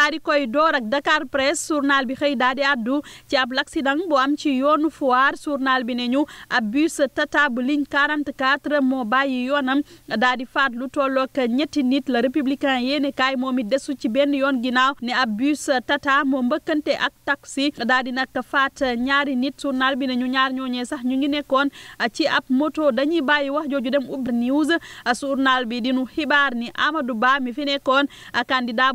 daal di koy door ak Dakar Presse journal bi xëy daal di àddu ci ab l'accident bu am ci yoonu foire journal bi ne ñu ab bus tata bu ligne 44 moo bàyyi yoonam daal di faat lu tollook ñetti nit la républicain yéene kaay moom it desu ci benn yoon ginnaaw ni ab bus tata moo mbëkkante ak taxi daal di nag faat ñaari nit suurnal bi nañu ñu ñaar ñooñee sax ñu ngi nekkoon ci ab moto dañuy bàyyi wax jooju dem ubbi news journal bi dinu xibaar ni amadu Ba mi fi nekkoon candidat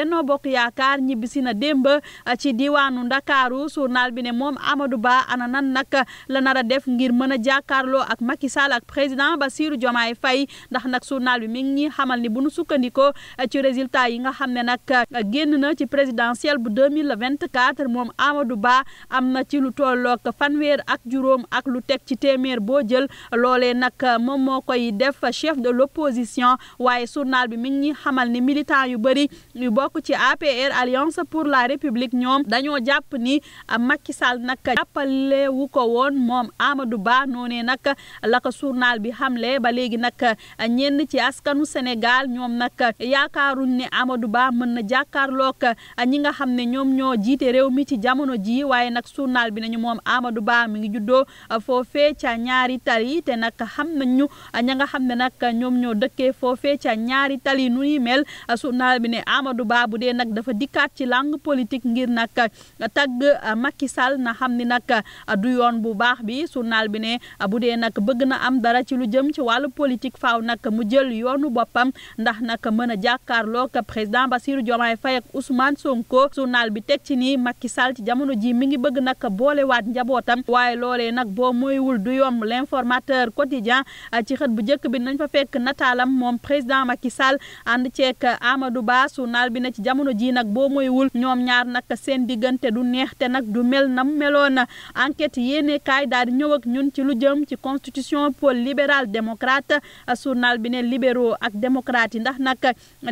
Benno Bokk Yaakaar ñibbisi na démb uh, ci diwaanu Ndakaaru journal bi ne moom amadu Ba ana nan nag la nar a def ngir mën a jàkkaarloo ak Macky Sall ak président Bassirou Diomaye fay ndax nag journal bi mi ngi ñuy xamal ni bu nu sukkandikoo uh, ci résultat yi nga xam ne nag uh, génn na ci présidentielle bu 2024 moom Amadou Ba am na ci lu tollook fanweer ak juróom ak lu teg ci téeméer boo jël loolee nag moom moo koy def chef de l'opposition waaye journal bi mi ngi ñuy xamal ni militant yu bëri bokk ci APR alliance pour la république ñoom dañoo jàpp ni Macky Sall nag jàppale wu ko woon moom Amadou Ba noonee nag la ko bi xamle ba léegi nag ñenn ci askanu Sénégal ñoom nag yaakaaruñ ne Amadou Ba mën na jàkkaarloog ñi nga xam ne ñoom ñoo jiite réew mi ci jamono ji waaye nag journal bi nañu moom amadu Ba mi ngi juddoo foofee ca ñaari tali te nag xam nañu ña nga xam ne nag ñoom ñoo dëkkee foofee ca ñaari tali nu mel journal bi Ba dee nag dafa dikkaat ci langue politique ngir nag uh, tagg uh, Macky Sall na xam ni nag uh, du yoon bu baax bi journal bi ne bu dee nag bëgg na am dara ci lu jëm ci wàllu politique faaw nag mu jël yoonu boppam ndax nag mën a jàkkaarloog président Bassirou Diomaye Faye ak Ousmane Sonko journal bi teg ci ni Macky sal ci jamono ji mi ngi bëgg nag boolewaat njabootam waaye loolee nag boo mooywul du yomb l'informateur quotidien ci xët bu njëkk bi nañ fa fekk nataalam moom président Macky Sall ci jamono ji nag boo moywul ñoom ñaar nag seen diggante du neex te nag du mel nam meloon enquête yéene kaay daal di ñëw ak ñun ci lu jëm ci constitution pôle libéral démocrate journal bi ne libéraux ak démocrates yi ndax nag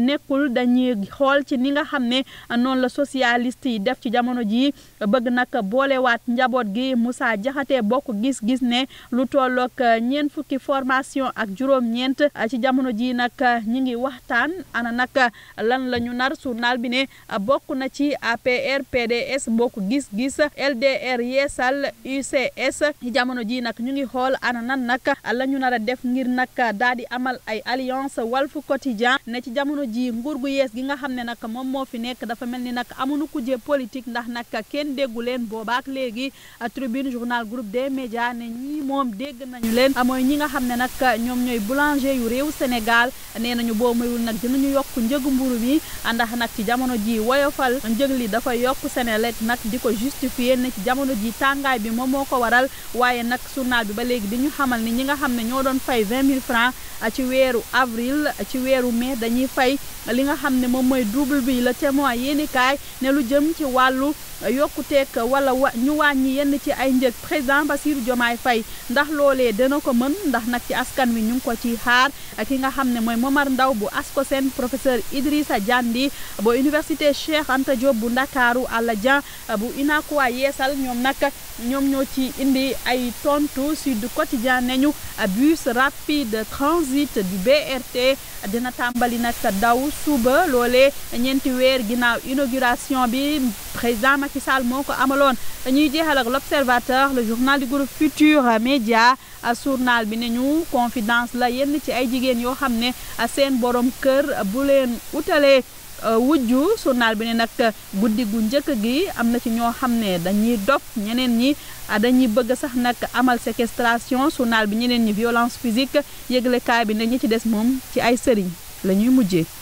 nekkul dañuy xool ci ni nga xam ne noonu la socialiste yi def ci jamono jii bëgg nag boolewaat njaboot gi Moussa Diakhaté bokk gis-gis ne lu tollook ñeent fukki formation ak juróom-ñeent ci jamono ji nag ñi ngi waxtaan ana nag lan journal bi ne bokk na ci APR PDS bokk gis-gis LDR yeesal UCS jamono ji nag ñu ngi xool ana nan nag la ñu nar a def ngir nag daal di amal ay alliance Walf Quotidien ne ci jamono ji nguur gu yees gi nga xam ne nag moom moo fi nekk dafa mel ni nag amuñu kujje politique ndax nag kenn déggu leen boobaak léegi tribune journal groupe des médias ne ñi moom dégg nañu leen mooy ñi nga xam ne nag ñoom ñooy boulanger yu réew Sénégal nee nañu boo mayul nag dinañu yokk njëgu mburu mi nag ci jamono ji woyofal njëg li dafa yokk Senelec nag di ko justifier ne ci jamono ji tàngaay bi moom moo ko waral waaye nag journal bi ba léegi di ñu xamal ni ñi nga xam ne ñoo doon fay 20 000 francs ci weeru avril ci weeru mai dañuy fay li nga xam ne moom mooy double bi la témoin yéenikaay ne lu jëm ci wàllu yokkuteeg wala wa ñu wàññi yenn ci ay njëg président Bassirou jomaay Faye ndax loolee dana ko mën ndax nag ci askan wi ñu ngi ko ci xaar yi nga xam ne mooy Momar Ndaw bu ASCOSEN professeur Idrissa Diandi bu université Cheikh Anta bu Ndakaaru Alla Dieng bu UNACOIS Yeesal ñoom nag ñoom ñoo ci indi ay tontu Sud Quotidien nañu bus rapide transit du BRT dina tàmbali nag daw suba loolee ñeenti weer ginnaaw inauguration bi président Macky Sall moo ko amaloon dañuy jeexal ak l'Observateur le journal du groupe Futur Média sournal bi ne ñu confidence la yenn ci ay jigéen yoo xam ne a seen borom kër bu leen utalee Euh, wujju journal bi ne nag euh, guddi gu njëkk gi am na ci ñoo xam ne dañuy dog ñeneen ñi ah, dañuy bëgg sax nag amal séquestration journal bi ñeneen ñi violence physique yëglekaay bi ne ñi ci des moom ci ay sëriñ la ñuy mujjee